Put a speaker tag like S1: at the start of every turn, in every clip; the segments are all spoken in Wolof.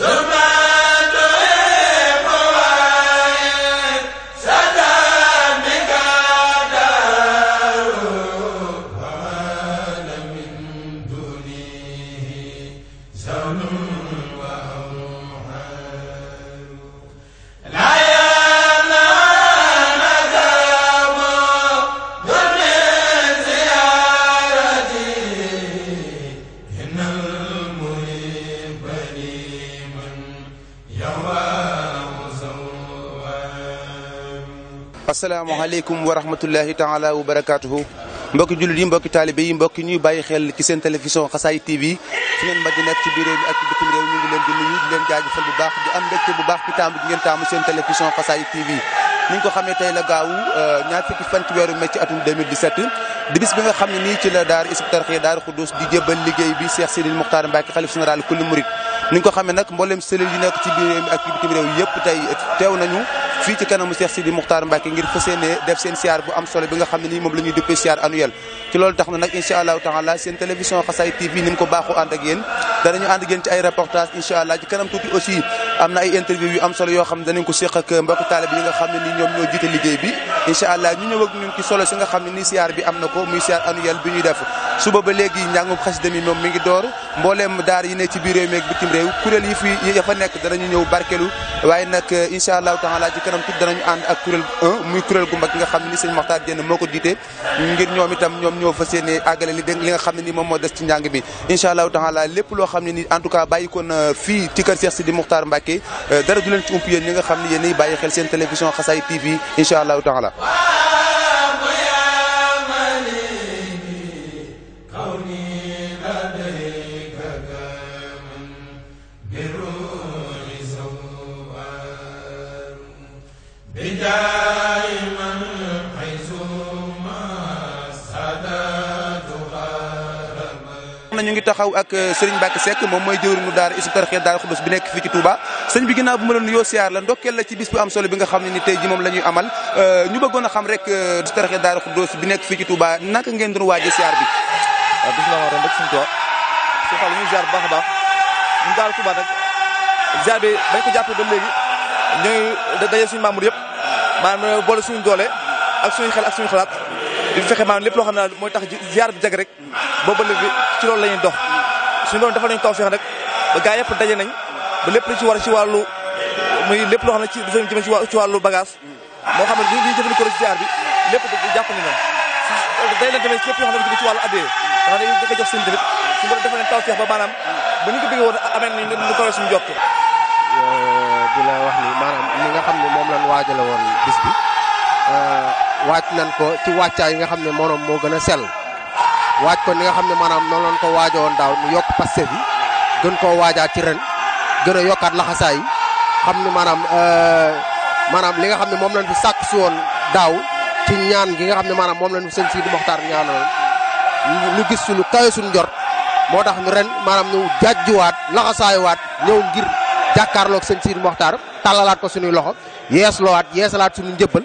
S1: Sir
S2: asalaamaaleykum wa rahmatullahi taala wa barakaatuhu mbokki jullit yi mbokki taalibe yi mbokki ñuy bàyyi xel ci seen télévision xasaay TV su ngi leen di nuyu di leen jaajëfal bu baax di am mbégte bu baax ci taamu gi ko xamee tey la gaawu euh, ñaar fukki fan ci weeru mai atum di bis bi nga xam ne nii ci la daar Hizbut Tarqiyyah daar Xuddus di jébbal liggéey bi Cheikh Sidil Muxtaar Mbacke xalif général kulli murit ni ñu ko xamee nag mboolem selil yi nekk ci biir mi ak ci bitim réew tey teew nañu fii ci kanamu Cheikh Sidi Moukhtar Mbacke ngir fas yéene def seen siyaar bu am solo bi nga xam ne nii moom la ñuy siyaar annuel ci loolu tax na nag incha allahu taala seen télévision Xasaay TV ni mu ko baaxoo ànd ak yéen danañu ànd ak yéen ci ay reportage incha allah ci kanam tuuti aussi am na ay interview yu am solo yoo xam ne danañ ko séq ak mbokki taalib yi nga xam ne ni ñoom ñoo jiite liggéey bi incha allah ñu ñëw moom mi ngi door mbooleem daar yi ne ci biir réew meeg bitim réew kuréel yi fi ñëw barkelu waaye nag incha allahu taala ci kanam tudd danañu ànd ak kuréel 1 muy kuréel gu mag gi nga xam ne ni sëñ moo ko jiite ngir ñoom itam ñoom ñoo fas yéene àggale nga xam ne ni moom moo des ci njàng bi incha allahu taala lépp loo xam ne ni en tout cas bàyyi koon fii ci kër Cheikh Sidi Muxtaar Mbàkke Mbàkke euh, dara du leen ci ump yéen ñi nga xam ne yéen bàyyi xel seen télévision Xasaay TV incha allahu taala ñu ngi taxaw ak euh, Serigne Mbacke Seck moom mooy jëwriñu daara Hizbut Tarqiyyah daara Xudus bi nekk fii ci Touba sëñ bi ginnaaw bu ma la nuyoo siyaar la ndokkeel la ci bis bu am solo bi nga xam ne ni tey ji moom amal euh, ñu bëggoon a xam rek euh, Hizbut Tarqiyyah daara Xudus bi nekk fii ci Touba naka ngeen doon waaje siyaar bi waaw bisimilah a baax ñu
S3: daara membre yëpp maanaam boole suñu doole ak suñu xel ak suñu xalaat di fexe maanaam lépp loo xam ne mooy tax ziar bi jag rek boobu ba léegi ci loolu la dox suñu doon defal nañu tawfeex nag ba gaa yëpp daje nañ ba lépp lu ci war ci loo xam ne ci dafa ci wàllu ci ziar bi lépp jàpp nañ la day leen tamit lépp yoo xam ne ci wàllu addee dafa ne dafa jox seen tamit suñu doon defal nañ tawfeex ba maanaam ba ñu ko bëgg woon amee nañ lu kawe suñu jott
S4: la wax ni maanaam li nga xam ne moom lañ waajale woon bis bi euh, waaj nañ ko ci wàccaay yi nga xam ne morom moo gën a sel waaj ko ni nga xam ne maanaam noonu lañ ko waajoon daaw ñu yokk paste bi gën koo waajaat ci ren gën a yokkaat laxasaay yi xam ne maanaam euh, maanaam li nga xam ne moom lañ fi sàkk si daaw ci ñaan gi nga xam ne maanaam moom lañ fi sëñ Sidi Moxtaar ñaanaloon ñu gis suñu kawe suñu njort moo tax ñu ren maanaam ñu jàjjuwaat laxasaayuwaat ñëw ngir jàkkaarloog sëñ Sidi Moxtaar tàllalaat ko suñuy loxo yeesloowaat yeesalaat suñu njëbbal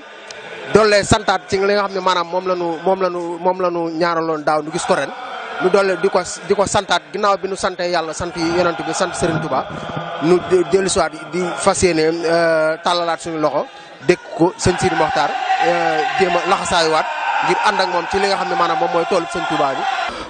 S4: doole santaat ci li nga xam ne maanaam moom la ñu moom la ñu moom la ñu ñaaraloon daaw ñu gis ko ren ñu doole di ko di ko santaat ginnaaw bi nu santee yàlla sant yi yonent bi sant Serigne Touba ñu dellu si di fas yéene euh, tàllalaat suñu loxo dékk ko sëñ Sidi Mokhtar euh, jéem a waat ngir ànd ak moom ci li nga xam ne maanaam moom mooy tool sëñ Tuubaa bi.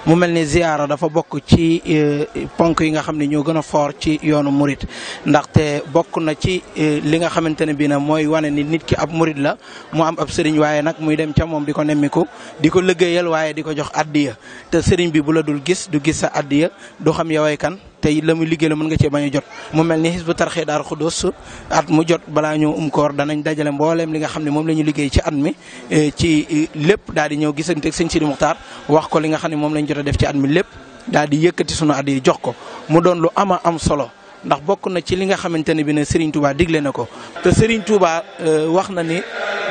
S5: mu mel ni ziyaara dafa bokk ci e, ponk yi nga xam ne ñoo gën a foor ci yoonu murit ndaxte bokk na ci e, li nga xamante ne bii nag mooy wane ni nit ki ab murit la mu am ab sëriñ waaye nag muy dem ca moom di ko nemmiku di ko liggéeyal waaye di ko jox addiya te sëriñ bi bu la dul gis du gis sa addiya du xam yoway kan tey la muy liggéey la mën nga cee bañ jot mu mel ni Hizbut Tarqiyyah Daaru Xudoos at mu jot balaa ñu um koor danañ dajale mbooleem li nga xam ne moom la ñu liggéey ci at mi e, ci e, lépp daal di ñëw gisante ak sëñ Sidi Muxtaar wax ko li nga xam ne moom lañ jot a def ci at mi lépp daal yëkkati sunu at yi jox ko mu doon lu ama am solo ndax bokk na ci li nga xamante ne bi ne Serigne Touba digle na ko te Serigne Touba e, wax na ni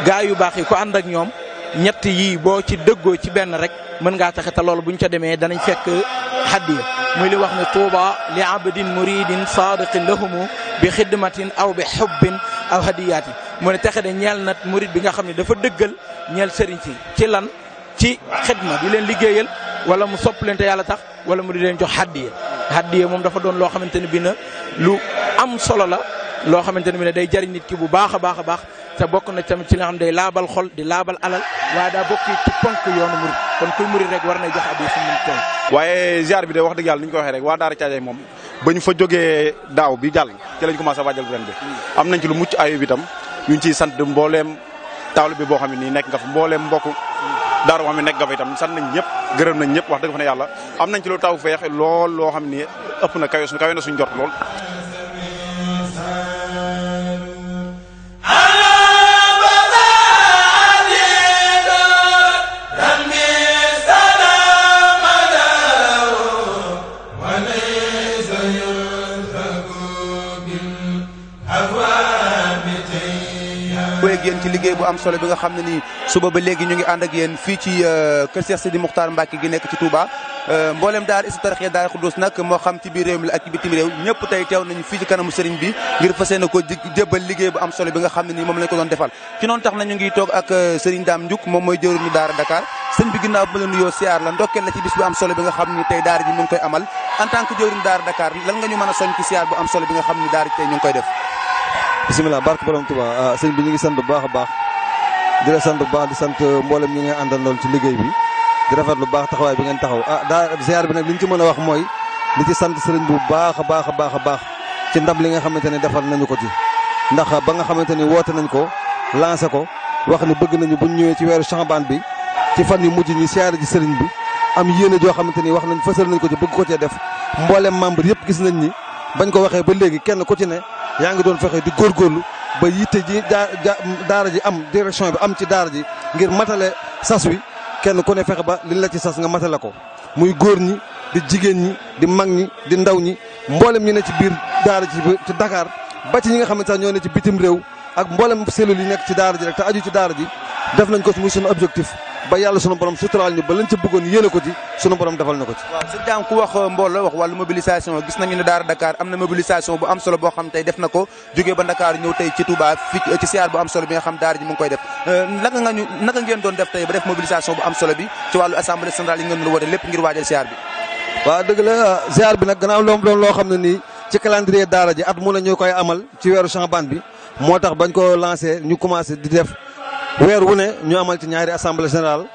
S5: gaa yu baax yi ko ànd ak ñoom ñett yi boo ci dëggoo ci benn rek mën ngaa taxe te loolu buñ ca demee danañ fekk xaddiya muy li wax ne tuuba li abdin muridin saadiqin lahumu bi xidmatin aw bi xubbin aw hadiyaati mu ne texe de ñeel na murid bi nga xam ne dafa dëggal ñeel sëriñ si ci lan ci xidma bi leen liggéeyal wala mu sopp leen te yàlla tax wala mu di leen jox haddiya haddiya moom dafa doon loo xamante ne bi na lu am solo la loo xamante ne bi ne day jariñ nit ki bu baax a baax a baax te bokk na tamit ci li nga xam day laabal xol di laabal alal waa daa bokk ci ponk yoonu murid kon kuy murid rek war na jox addiya fu waaye ziar bi de wax dëgg yàlla ni ñu ko waxee rek waa Daara Thiadiaye moom
S6: ba ñu fa jógee daaw bi jàll ci lañ commencé waajal ren bi. am nañ ci lu mucc ayib itam ñu ngi ciy sant mbooleem taawlu bi boo xam ne nii nekk nga fa mbooleem mbokk daara boo xam ne nekk nga itam sant nañ ñëpp gërëm nañ ñëpp wax dëgg fa ne yàlla am nañ ci lu taw feex lool loo xam ne ëpp na kawe suñ suñ jot lool
S2: ak ci liggéey bu am solo bi nga xam ne nii suba ba léegi ñu ngi ànd ak yéen fii ci euh, kër Cheikh Sidi Moukhtar Mbacké gi nekk ci Touba euh, mboolem daar Hizbut Tarqiyyah daar Khoudoss nag moo xam ci biir réew mi la ak ci bitim réew ñëpp tey teew nañu fii ci kanamu sëriñ bi ngir fas yéene ko jébbal liggéey bu am solo bi nga xam ne nii moom lañ ko doon defal ci noonu tax na ñu ngi toog ak euh, sëriñ Dame Ndiouk moom mooy jëwriñu a Dakar sëriñ bi ginnaaw bu la nuyoo siyaar la nga xam ni tey am solo bi nga ñu ngi koy def
S3: bisimilah barke borom Tuubaa ah, sëñ bi ñu ngi sant bu baax a baax di la sant bu baax di sant mboolem ñi nga àndal lool ci liggéey bi di rafet lu baax taxawaay bi ngeen taxaw a ah, daa ziar bi nag li ñu ci mën a wax mooy li ci sant sëriñ bu baax a baax a baax a baax ci ndam li nga xamante ne defal nañu ko ci ndax ba nga xamante ni woote nañ ko lancé ko wax ni bëgg nañu buñ ñëwee ci weeru Shaabaan bi ci fan yu mujj ñi siyaare ji sëriñ bi am yéene joo xamante ni wax nañ fësal nañ ko ci bëgg ko cee def mboolem membre yëpp gis nañ ni bañ ko waxee ba léegi kenn ku ci yaa ngi doon fexe di góorgóorlu ba yitte ji daara ji am direction bi am ci daara ji ngir matale sas wi kenn ku ne fexe ba li la ci sas nga matale ko muy góor ñi di jigéen ñi di mag ñi di ndaw ñi mboolem ñi ne ci biir daara ji ci dakaar ba ci ñi nga xam ne sax ñoo ne ci bitim réew ak mboolem cellules yi nekk ci daara ji rek te aju ci daara ji def nañ ko muy suñu objectif ba yàlla sunu borom suturaal ñu ba lañ ca bëggoon yéene ko ci sunu borom defal na ko ci.
S2: waaw euh, Daara Dakar am na mobilisation bu am solo na ko jógee ba Dakar ñëw tey ci Touba fii euh, solo bi nga xam Daara ji mu ngi koy def euh, naka nga ngeen doon def tey ba def mobilisation bu am solo bi ci wàllu assemblée générale yi ngeen doon woote lépp ngir waajal siyaar bi. waaw dëgg la siyaar bi nag gannaaw loo xam ne nii ci calendrier Daara ji at
S3: mu a ñu koy amal ci weeru Chaban bi moo tax bañ ko lancé ñu di def weer wu ne ñu amal ci ñaari assemblée générale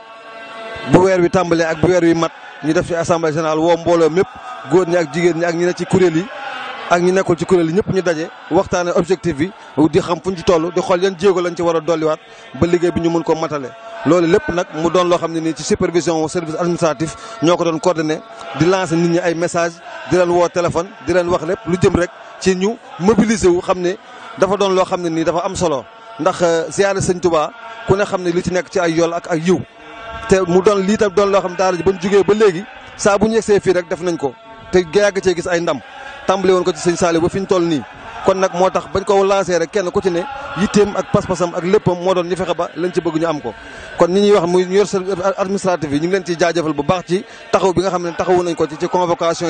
S3: bu weer wi tàmbalee ak bu weer wi mat ñu def ci assemblée générale woo mbooloo mépp góor ñi ak jigéen ñi ak ñi ne ci kuréel yi ak ñu nekkul ci kuréel yi ñëpp ñu daje waxtaane objectif bi di xam fu ñu ci toll di xool yan jéego lañ ci war a dolliwaat ba liggéey bi ñu mun ko matale. loolu lépp nag mu doon loo xam ne nii ci supervision service administratif ñoo ko doon coordonné di lancer nit ñi ay message di leen woo téléphone di leen wax lépp lu jëm rek ci ñu mobiliser wu xam ne dafa doon loo xam ne nii dafa am solo. ndax euh, ziyaare sëñ Touba ku ne xam ne li ci nekk ci ay yool ak ak yiw te mu doon lii tam doon loo xam daara ji ba ñu jugee ba léegi saa bu ñu yegsee fii rek def nañ ko te yàgg cee gis ay ndam tàmbale woon ko ci sëñ Saliou ba fi ñu toll nii kon nag moo tax bañ ko lancé rek kenn ku ci ne yitteem ak pas-pasam ak léppam moo doon ñu fexe ba lañ ci bëgg ñu am ko kon ñi ñuy wax muy ñu yor administratif yi ñu ngi leen ciy jaajëfal bu baax ci taxaw bi nga xam ne taxawu nañ ko ci ci convocation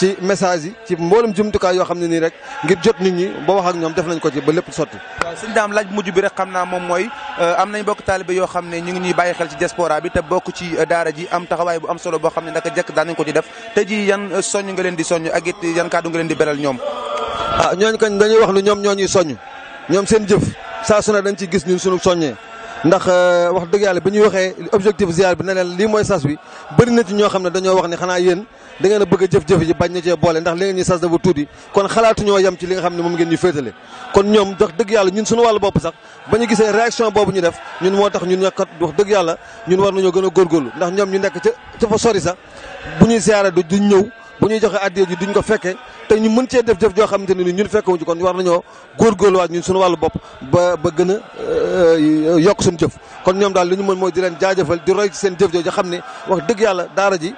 S3: ci message yi ci mboolum jumtukaay yoo xam ne nii rek ngir
S2: jot nit ñi ba wax ak ñoom def nañ ko ci ba
S3: lépp sotti waaw suñ daam
S2: laaj mujj bi rek xam naa moom mooy euh, am nañ bokk taalibe yoo xam ne ñu ngi ñuy bàyyi xel ci diaspora bi te bokk ci euh, daara ji am taxawaay bu am solo boo xam ne naka jekk daan nañ ko ci def te ji yan euh, soññ nga leen di soññ ak it yan kàddu nga leen di beral ñoom ah ñooñu kañ dañuy wax lu ñoom ñoo ñuy soññ ñoom seen jëf saa su ne dañ ci gis ñun suñu soññee
S3: ndax wax dëgg yàlla bi ñuy waxee objectif ziar bi ne lii mooy sas bi bëri na ñoo xam ne dañoo wax ne xanaa yéen dangeen ngeen a bëgg jëf-jëf ji bañ na cee boole ndax li ngeen ñu sas dafa tuuti kon xalaatuñoo yem ci li nga xam ne moom ngeen ñu féetale kon ñoom wax dëgg yàlla ñun suñu wàllu bopp sax ba ñu gisee réaction boobu ñu def ñun moo tax ñun ñekkat wax dëgg yàlla ñun war nañoo gën a góorgóorlu ndax ñoom ñu nekk ca ca fa sori sax bu ñuy siyaare du duñ ñëw bu ñuy joxe addiya ji duñ ko fekkee te ñu mën cee def jëf joo xamante ne ni ñun fekkewu ci kon war nañoo góorgóorluwaat ñun suñu wàllu bopp ba ba a euh, yokk suñu jëf kon ñoom daal li ñu mën mooy di leen jaajëfal di roy seen jëf jooju xam ne wax dëgg yàlla daara ji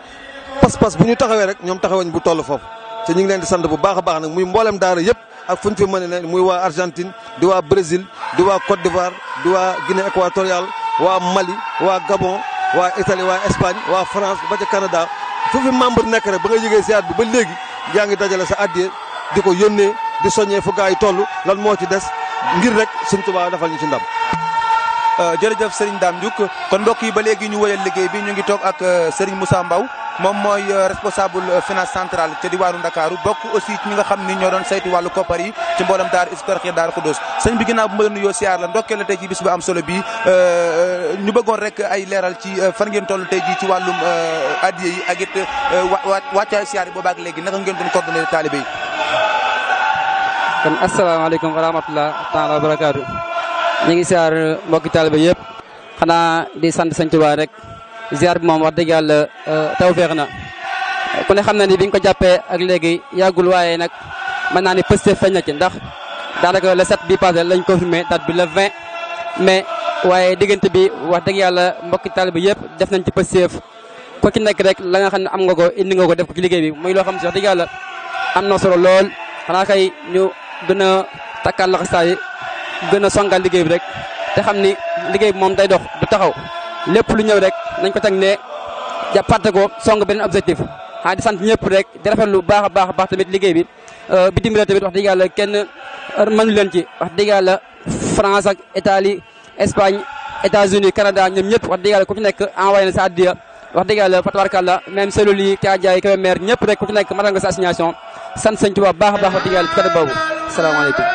S3: pas-pas bu ñu taxawee rek ñoom taxawañ bu toll foofu te ñu ngi leen di sant bu baax a baax nag muy mboolem daara yëpp ak fu ñu fi mën ne muy waa Argentine di waa Brésil di waa Côte d'Ivoire di waa Guinée équatoriale waa Mali waa Gabon waa itali waa Espagne waa France ba ca Canada fu fi membre nekk rek ba nga si ziar bi ba léegi gaa ngi dajale sa at addiye di ko yónnee di soñee fu gaa yi toll lan moo ci des ngir rek suñ Tuubaa defal ñu ci ndam Euh,
S2: jërëjëf Serigne Dame Diouk kon mbokk yi ba léegi ñu wëyal liggéey bi ñu ngi toog ak euh, Serigne Moussa Mbaw moom mooy euh, responsable finance centrale ca diwaanu Ndakaaru bokk aussi ci ñi nga xam ni ñoo doon saytu wàllu koppar yi ci mboolem daar istorxi daar Xudus sëñ bi ginnaaw bu ma leen nuyoo siyaar la ndokkee la tey ci am solo bi ñu bëggoon rek ay leeral ci fan ngeen toll tey jii ci wàllum addiye yi ak it siyaar boobaak léegi naka ngeen doon coordonné taalibe yi
S7: kon asalaamaaleykum ñu ngi siyaar mbokki taalibe yëpp xanaa di sant sañ Tuubaa rek ziar bi moom wax dëgg yàlla euh, tawféex na ku ne xam na ni bi ko jàppee ak léegi yàggul waaye nag mën naa ni pëste feeñ na ci ndax daanaka le 7 bi passé lañ confirmé date bi la 20 mai waaye diggante bi wax dëgg yàlla mbokki taal bi yëpp def nañ ci pësteef ko ci nekk rek la nga xam ne am nga ko indi nga ko def ko ci liggéey bi muy loo xam si wax dëgg yàlla am na solo lool xanaa kay ñu gën a takkaat laxasaay gën a songal liggéey bi rek te xam ni liggéey bi moom day dox du taxaw lépp lu ñëw rek nañ ko teg ne jàppante ko song beneen objectif. ah di sant ñëpp rek di rafetlu lu baax a baax baax tamit liggéey bi euh, bitim réew tamit wax dëgg yàlla kenn mënu leen ci wax dëgg yàlla France ak Italie Espagne États-Unis Canada ñoom ñëpp wax dëgg yàlla ku ci nekk envoyé na sa addiya wax dëgg yàlla fatawarkàlla même cellules yi Thiadiaye Kébémer ñëpp rek ku ci nekk matal nga sa assignation sant sëñ Tuubaa baax baax wax dëgg yàlla ci côté boobu salaamaaleykum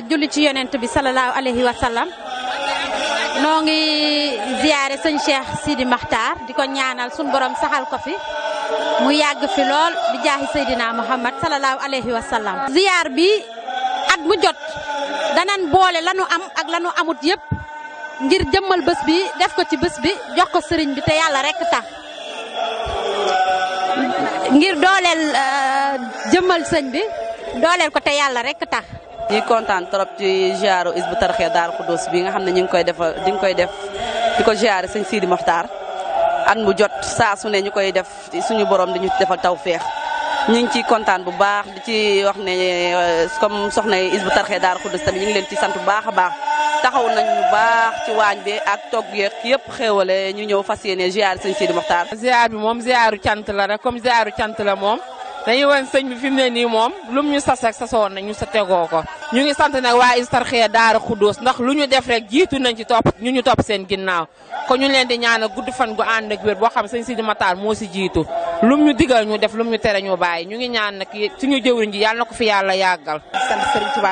S7: yàlla julli ci yonent bi salallaahu alayhi wa sallam noo ngi ziyaare sëñ Cheikh Sidi Maxtaar di ko ñaanal sun borom saxal ko fi mu yàgg fi lool di jaaxi Seydina Muhammad salallaahu alayhi wa sallam ziyaar bi at mu jot danan boole lanu am ak lanu amut yépp ngir jëmmal bés bi def ko ci bës bi jox ko sëriñ bi te yàlla rek tax ngir dooleel euh, jëmmal sëñ bi dooleel ko te yàlla rekk tax ñuy kontaan trop ci ziaru Hizbut Tarqiyyah Daaru Xudoos bi nga xam ne ñu ngi koy def di nga koy def di ko ziare sëñ Sidi Moxtaar at mu jot saa su ne ñu koy def suñu borom di ñu defal taw feex ñu ngi ciy kontaan bu baax di ci wax ne euh, comme soxna Hizbut Tarqiyyah Daaru Xudoos tamit ñu ngi leen ci sant bu baax a baax taxaw nañ ñu baax ci waañ bi ak togg yeeg yëpp xéewale ñu ñëw fas yéene ziar sëñ Sidi Moxtaar. ziar bi moom ziaru cant la rek comme ziaru cant la moom dañuy wan nii moom lum ñu sas rek sasoon nañ ñu sa tegoo ñu ngi sant nag waa Hizbut-Tarqiyyah Daara Khoudoss ndax lu ñu def rek jiitu nañ ci topp ñu ñu topp seen ginnaaw ko ñu leen di ñaanal gudd fan gu ànd ak wér boo xam sëñ moo si jiitu lum ñu digal ñu def lum ñu ñu ngi ñaan nag suñu jëwriñ ji yàlla na ko fi yàlla yàggal. di sant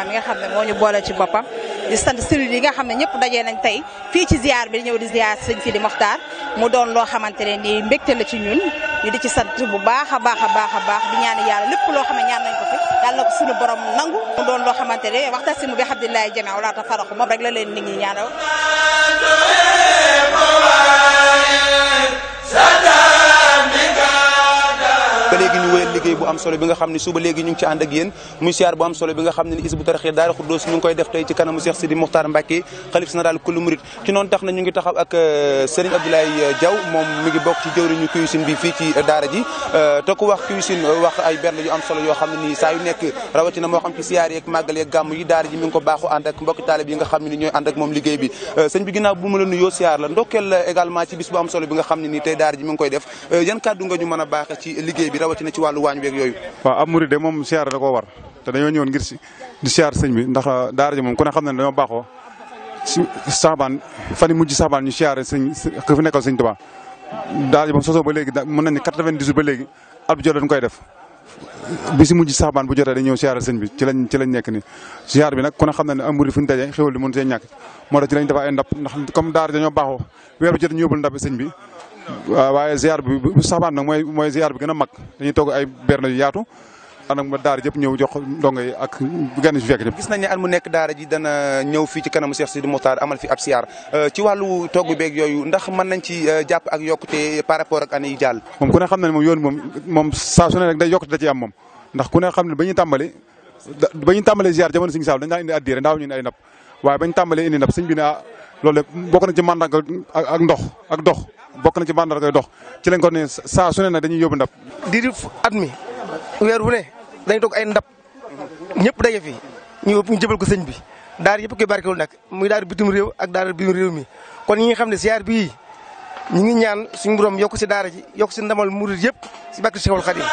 S7: Serigne xam ne moo ñu boole ci boppam di sant Serigne yi nga xam ne ñëpp dajee nañ tey fii ci ziar bi di ñëw sañ ziar di Sidi Mokhtar mu doon loo xamante ne di mbégte la ci ñun ñu di ci sant bu baax a baax a baax a baax di ñaan yàlla lépp mu doon loo xamante tere waxtasimu bi hablillahi jamii'an wa laa tafarraqu moom rek la leen nit ñi ñaanal
S1: sa
S2: léegi ñu wéyal liggéey bu am solo bi nga xam ne suba léegi ñu ngi ci ànd ak nga koy def tey ci kanamu Cheikh Sidi Mokhtar euh, euh, moom mi ngi bokk ci jëwriñu Cuisine bi fii ci euh, daara ji te ku wax Cuisine wax ay bernde yu am solo yoo xam ne nii saa yu nekk rawatina moo xam ci siyaar yeeg màggal yeeg gàmm yi daara ji mi ngi ko baaxu ànd ak mbokki taalib yi nga xam ne ni ñooy ànd ak moom liggéey bi sëñ bi ginnaaw bu mu la nuyoo siyaar la ndokkeel également ci bis a baax ci liggéey rawatina ci wàllu waañ beeg yooyu
S6: waaw ab de moom siyaar da ko war te dañoo ñëwoon ngir si di siyaar sëñ bi ndax ah, daara ji moom ku ne xam ne dañoo baaxoo si saxbaan fan yi mujj saxbaan ñu siyaare sëñ fi nekkal sëñ Tuubaa daara ji moom sosoo ba léegi mën nañ ne quatre-vingt-dix ba léegi at bu jot dañ koy def bi si mujj saxbaan bu jotee dañuy ñëw siyaare sëñ bi ci lañ ci lañ nekk ni siyaar bi nag ku ne xam ne ne am murid fu ñu dajee xéwal li mënu see ñàkk moo tax ci lañ def ay ndax comme daara dañoo baaxoo weer bu jot ñu yóbbul ndab sëñ bi waaw waaye ziar bi saxbaan nag mooy mooy ziar bi gën a mag dañuy togg ay berne yu yaatu jox ndongo yi ak gan yi fi fekk gis
S2: nañ ne at mu nekk daara ji dana ñëw fii ci kanamu Cheikh Sidi Moukhtar amal fi ab siyaar euh, ci wàllu togg beeg yooyu ndax man nañ ci euh, jàpp ak yokkute par rapport ak année yi jàll moom ku ne
S6: xam ne moom yoon moom moom saa su ne rek day yokkute da ci am moom ndax ku ne xam ne ba ñu tàmbali ba ñu tàmbali ziar jamono Sëñ Saal dañ daan indi addiya ndaaw ñu ne ay napp waaye bañ tàmbali indi napp sëñ loolu lépp bokk na ci mandarga ak ndox ak dox bokk na ci mandarga dox ci lañ saa su
S4: ne dañuy yóbbu ndab. diiru at mi weer wu ne dañu toog ay ndab ñëpp daje fi ñu ñu jëbal ko sëñ bi daar yëpp koy barkewul nag muy daara bitim réew ak daara bitim réew mi. kon ñi nga xam ne siyaar bi ñu ngi ñaan suñu borom yokk si daara ji yokk si ndamal murid yëpp si bàkk Seexul Xadiim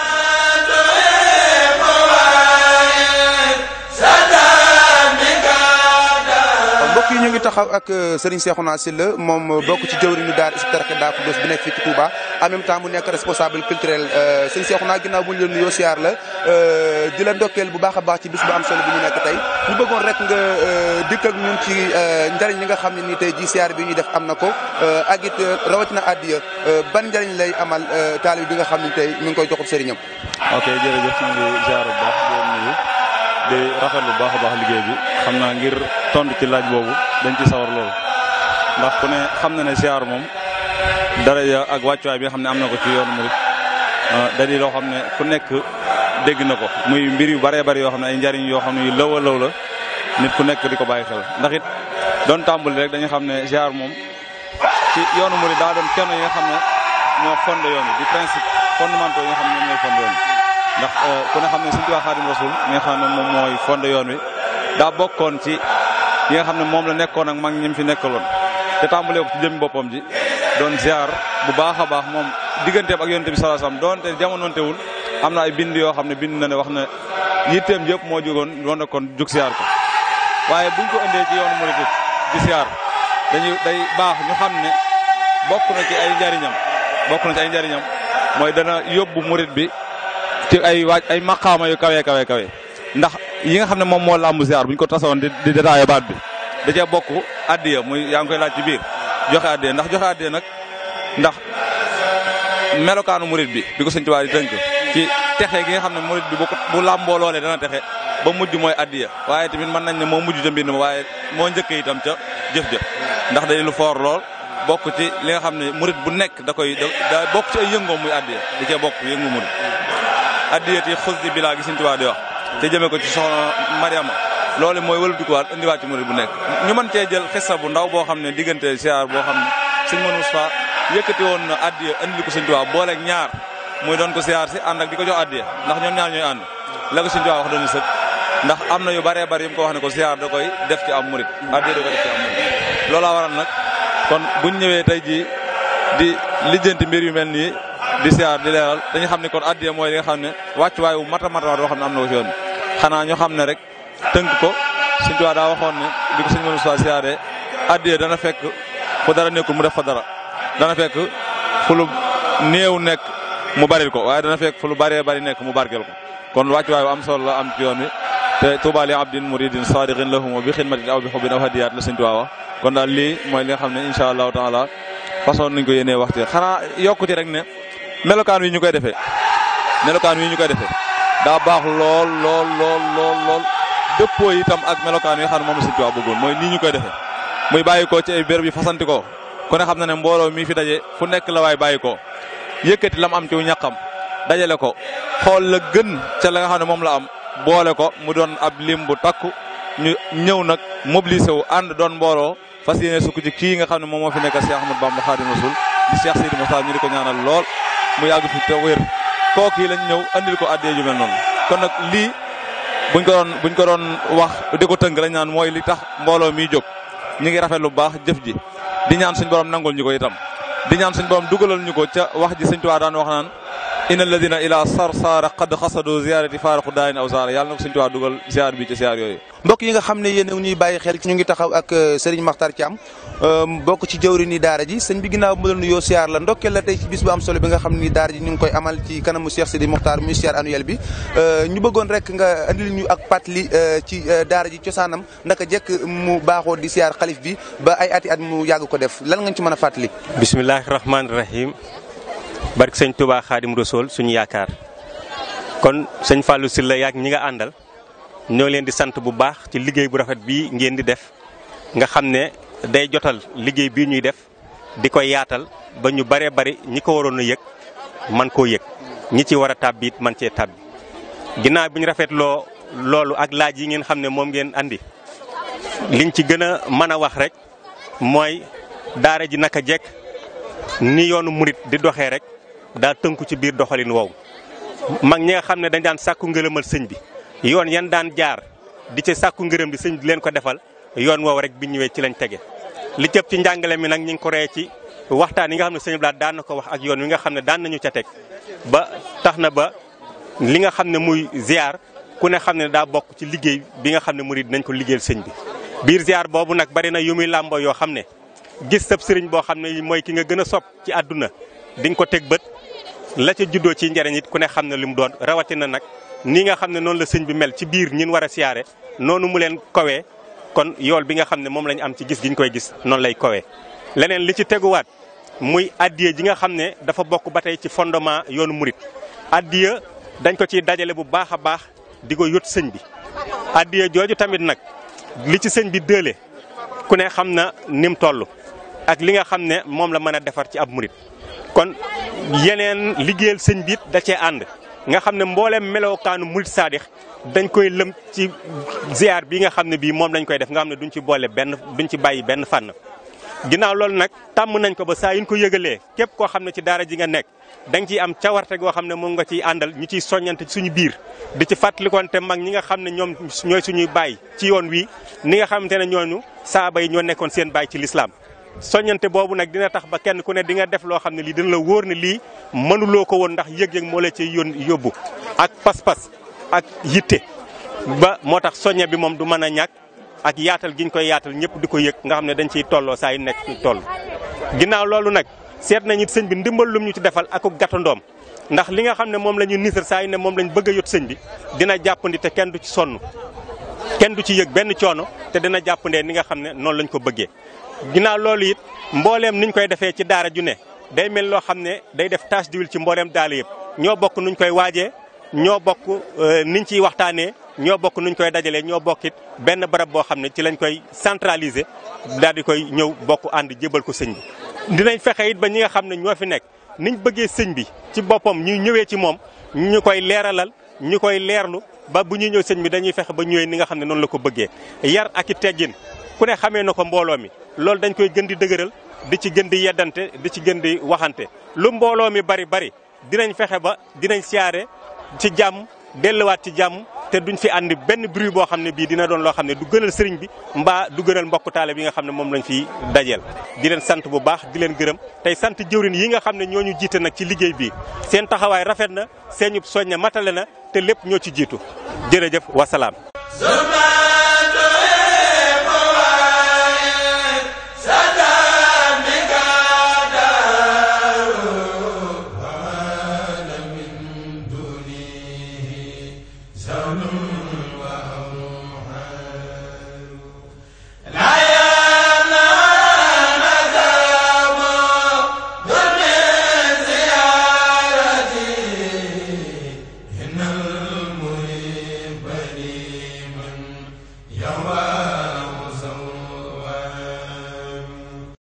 S2: taxaw ak euh, Serigne Cheikhouna Sylla moom bokk ci jëwriñu daar hizbut daa ko bés bu nekk fii ci Touba en même temps mu nekk responsable culturel euh, Serigne Cheikhouna ginnaaw bu ñu leen nuyoo siyaar la euh, di la ndokkeel bu baax a baax ci bis bu am solo bi ñu nekk tey ñu bëggoon rek nga dikk ak ñun ci njariñ li nga xam ne nii tey ji siyaar bi ñuy def am na ko ak it rawatina addiya ban njariñ lay amal taalib bi nga xam ne tey mi ngi koy joxub sëriñam
S8: di rafet lu baax a baax liggéey bi xam naa ngir tontu ci laaj boobu dañ ci sawar lool ndax ku ne xam na ne siyaar moom dara ya bi xam ne am na ko ci yoonu murit ah, da loo xam ne ku nekk dégg na ko muy mbir yu baree bari yoo xam ne ay njariñ yoo xam ne yu la nit ku nekk di ko bàyyi xel ndax it doon tàmbali rek dañu xam ne siyaar moom ci yoonu murit daa doon kenn yi nga xam ne ñoo fondé yoon yi di principe fondamentaux yi xam ne ñoom ñooy fondé yoon ndax euh, ku ne xam ne Sëriñ Tuubaa Xaadimu Rasuul mi nga xam ne moom mooy fonde yoon wi daa bokkoon ci yi nga xam ne moom la nekkoon ak mag ñim fi nekkaloon te tàmbalee ko ci jëm boppam ji doon ziar bu baax a baax moom digganteem ak yonent bi sallallahu alayhi doon te jamonoontewul am na ay bind yoo xam ne bind na ne wax na yitteem yëpp moo jógoon doon na kon jug ziar ko waaye buñ ko indee ci yoonu murid di ziar dañuy day baax ñu xam ne bokk na ci ay njariñam bokk na ay njariñam mooy dana yóbbu murid bi ci ay waaj ay maqaama yu kawe kawe kawe ndax yi nga xam ne moom moo làmb ziar bu ñu ko tasoon di di détaillé baat bi da cee bokk addiya muy yaa ngi koy laaj ci biir joxe addiya ndax joxe addiya nag ndax melokaanu murit bi di ko sëñ Tuubaa di tënk ci gi nga xam ne murit bi bu bu làmboo loolee dana texe ba mujj mooy addiya waaye tamit mën nañ ne moo mujj ca mbind ma waaye moo njëkk itam ca jëf-jëf ndax day lu foor lool bokk ci li nga xam ne murit bu nekk da koy bokk ci ay yëngoo muy addiya da cee bokk yëngu murit addiyet yi xus di bilaa gi Sëriñ Tuubaa di wax te jëmee ko ci soxna Mariama loolu mooy wëlbatikuwaat indiwaat ci murid bu nekk ñu mën cee jël xissa bu ndaw boo xam ne diggante siyaar boo xam ne sëñ Manoune Moustapha yëkkati woon na addiya indi ko Sëriñ Tuubaa ñaar muy doon ko siyaar si ànd ak di ko jox addiya ndax ñoom ñaar ñooy ànd la ko Sëriñ wax doon sëkk ndax am na yu bëree bëri yu mu ko wax ne ko siyaar da koy def ci am murid addiya da koy def ci am yu mel nii di siyaar di leeral dañu xam ne kon addiya mooy li nga xam ne wàccuwaay wu mat a mat a xam ne am na ko xanaa ñu xam ne rek tënk ko suñu tuwaa daa waxoon ne di ko suñu mën a siyaaree addiya dana fekk fu dara nekkul mu def fa dara dana fekk fu lu néew nekk mu baril ko waaye dana fekk fu lu baree bari nekk mu bargel ko kon wàccuwaay wu am solo la am ci yoon wi te tuuba li abdin muridin sadiqin lahum bi xidmatin aw bi xubbin aw hadiyaat la suñu tuwaa wax kon daal lii mooy li nga xam ne incha allahu taala façon nañ ko yéenee rek ne melokaan wi ñu koy defee melokaan wi ñu koy defee daa baax lool lool lool lool lool dëppoo itam ak melokaan yi nga xam ne moom la Sëñ Tuubaa bëggoon mooy nii ñu koy defee muy bàyyi ko ci ay béréb yi fasanti ko ne xam na ne mbooloo mi fi daje fu nekk la waay bàyyi ko yëkkati lam am ci ñàqam dajale ko xool la gën ca la nga xam ne moom la am mboole ko mu doon ab lim bu takku ñu ñëw nag mobilisé wu ànd doon mbooloo fas yéene sukk ci kii nga xam ne moom moo fi nekk Cheikh Ahmadou Bamba Khadim Rasoul di Cheikh Sidi Moustapha ñu di ko ñaanal lool mu yàgg fi te wér kooku yi lañ ñëw andil ko addee ju mel noonu kon nag lii buñ ko doon buñ ko doon wax di ko tënk lañ naan mooy li tax mbooloo mi jóg ñu ngi rafet lu baax jëf ji di ñaan suñ borom nangul ñu ko itam di ñaan suñ borom dugalal ñu ko ca wax ji suñ tuwaa daan wax naan inna alladina ila sarsaara qad xasado ziarati faaraqu daarin aw saara yàlla na ko sëñ Tuubaa dugal ziar bi ci ziar yooyu
S2: mbokk yi nga xam ne yéen ñuy bàyyi xel ñu ngi taxaw ak euh, Serigne Makhtar Thiam euh, bokk ci jëwri ni daara ji sëñ bi ginnaaw mu la nuyoo siyaar la ndokkeel la tey ci bis bu am solo bi nga xam ni daara ji ñu ngi koy amal ci kanamu Cheikh Sidi Mokhtar muy siyaar annuel bi euh, ñu bëggoon rek nga andil ñu ak patli ci daara ji cosaanam naka jekk mu baaxoo di siyaar xalif bi ba ay ati at mu yàgg ko def lan nga ci mën a fàttali
S9: bismillahi rahmaani bari sëñ Touba Xaadim Rasuul suñu yaakaar kon sëñ Fallou Sylla yaak ñi nga àndal ñoo leen di sant bu baax ci liggéey bu rafet bii ngeen di def nga xam ne day jotal liggéey bii ñuy def di ko yaatal ba ñu baree bari ñi ko waroon a yëg man koo yëg ñi ci war a tàbbi it man cee tàbbi ginnaaw bi ñu rafetloo loolu ak laaj yi ngeen xam ne moom ngeen andi liñ ci gën a mën a wax rek mooy daara ji naka jekk ni yoonu murit di doxee rek daa tënku ci biir doxalin woowu mag ñi nga xam ne dañ daan sàkku ngërëmal sëñ bi yoon yan daan jaar di ci sàkku ngërëm bi sëñ bi leen ko defal yoon woow rek bi ñëwee ci lañ tege li cëp ci njàngale mi nag ñu ngi ko ree ci waxtaan yi nga xam ne sëñ bi daan na ko wax ak yoon wi nga xam ne daan nañu ca teg ba tax na ba li nga xam ne muy ziar ku ne xam ne daa bokk ci liggéey bi nga xam ne murid nañ ko liggéeyal sëñ bi biir ziar boobu nag bari na yu muy làmbo yoo xam ne gis sab sëriñ boo xam ne mooy ki nga gën a sopp ci àdduna di ko teg bët la ca juddoo ci njariñ it ku ne xam ne li mu doon rawatina nag nii nga xam ne noonu la sëñ bi mel ci biir ñin war a siyaare noonu mu leen kowee kon yool bi nga xam ne moom lañ am ci gis giñ koy gis noonu lay kowee leneen li ci teguwaat muy addiya ji nga xam ne dafa bokk ba tey ci fondement yoonu murit addiya dañ ko ciy dajale bu baax a baax di ko yót sëñ bi addiya jooju tamit nag li ci sëñ bi dële ku ne xam na nim toll ak li nga xam ne moom la mën a defar ci ab murit kon yeneen liggéeyal sëñ biit da cee ànd nga xam ne mbooleem melokaanu murit saadix dañ koy lëm ci ziar bi nga xam ne bii moom lañ koy def nga xam ne duñ ci boole benn duñ ci bàyyi benn fànn ginnaaw loolu nag tàmm nañ ko ba saa yin ko yëgalee képp koo xam ne ci daara ji nga nekk da nga ciy am cawarte goo xam ne moom nga ciy àndal ñu ciy soññante suñu biir di ci fàttalikoonte mag ñi nga xam ne ñoom ñooy suñuy bàyyi ci yoon wi ni nga xamante ne ñooñu saaba yi ñoo nekkoon seen bàyyi ci lislaam soññante boobu nag dina tax ba kenn ku ne di nga def loo xam ne lii dina la wóor ne lii mënuloo ko woon ndax yëg-yëg moo la ci yón yóbbu ak pas-pas ak yitte ba moo tax soñña bi moom du mën a ñàkk ak yaatal giñ koy yaatal ñëpp di ko yëg nga xam ne dañu ciy tolloo saa yu nekk toll ginnaaw loolu nag seet nañu sëñ bi ndimbal lum ñu ci defal ak gàttandoom ndax li nga xam ne moom la ñu nisar saa yu ne moom lañu bëgg a yot sëñ bi dina jàppandi te kenn du ci sonn kenn du ci yëg benn coono te dina jàppandee ni nga xam ne noonu lañ ko bëggee ginnaaw loolu it mbooleem niñ koy defee ci daara ju ne day mel loo xam ne day def tâche d'huile ci mbooleem daara yëpp ñoo bokk nuñ koy waajee ñoo bokk euh, niñ ciy waxtaanee ñoo bokk nuñ koy dajalee ñoo bokkit benn barab boo xam ne ci lañ koy centraliser daal di koy ñëw bokk ànd jébal ko sëñ bi. dinañ fexe it ba ñi nga xam ne ñoo fi nekk niñ bëggee sëñ bi ci boppam ñu ñëwee ci moom ñu koy leeralal ñu koy leerlu ba bu ñuy ñëw sëñ bi dañuy fexe ba ñëwee ni nga xam ne noonu la ko bëggee yar ak i teggin ku ne xamee na ko mbooloo mi loolu dañ koy gën di dëgëral di ci gën di yeddante di ci gën di waxante lu mbooloo mi bari bari dinañ fexe ba dinañ siyaare ci jàmm delluwaat ci jàmm te duñ fi ànd benn bruit boo xam ne bii dina doon loo xam ne du gënal sëriñ bi mbaa du gënal mbokk taale bi nga xam ne moom lañ fiy dajeel di leen sant bu baax di leen gërëm tey sant jëwrin yi nga xam ne ñooñu ñu jiite nag ci liggéey bi seen taxawaay rafet na seen soñña matale na te lépp ñoo ci jiitu jërëjëf wasalaam